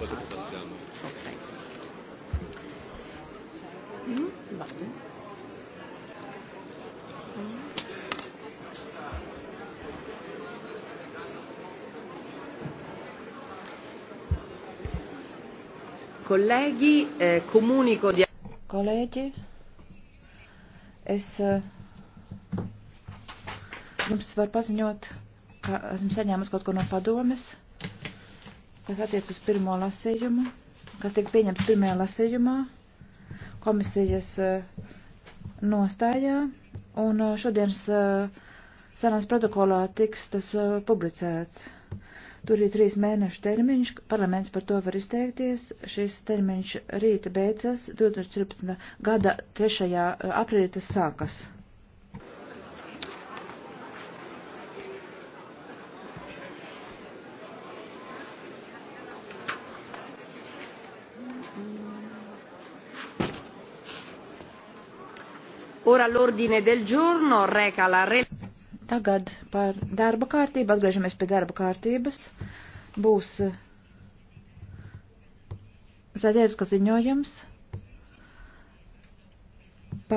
Kolēģi, eh, komuniko di... Kolēģi, es eh, jums varu paziņot, ka esmu saņēmusi kaut ko no padomes kas attiec uz pirmo lasījumu, kas tika pieņemts pirmajā lasījumā komisijas eh, nostājā, un eh, šodienas eh, sanās protokolā tiks tas publicēts. Tur ir trīs mēnešu termiņš, parlaments par to var izteikties. Šis termiņš rīta beidzas, 2014. gada 3. aprīlī tas sākas. Ora l'ordine del giorno reca la re... Tagad par darba kārtību, atgriežamies pie darba kārtības. Būs Zaļievska ziņojums.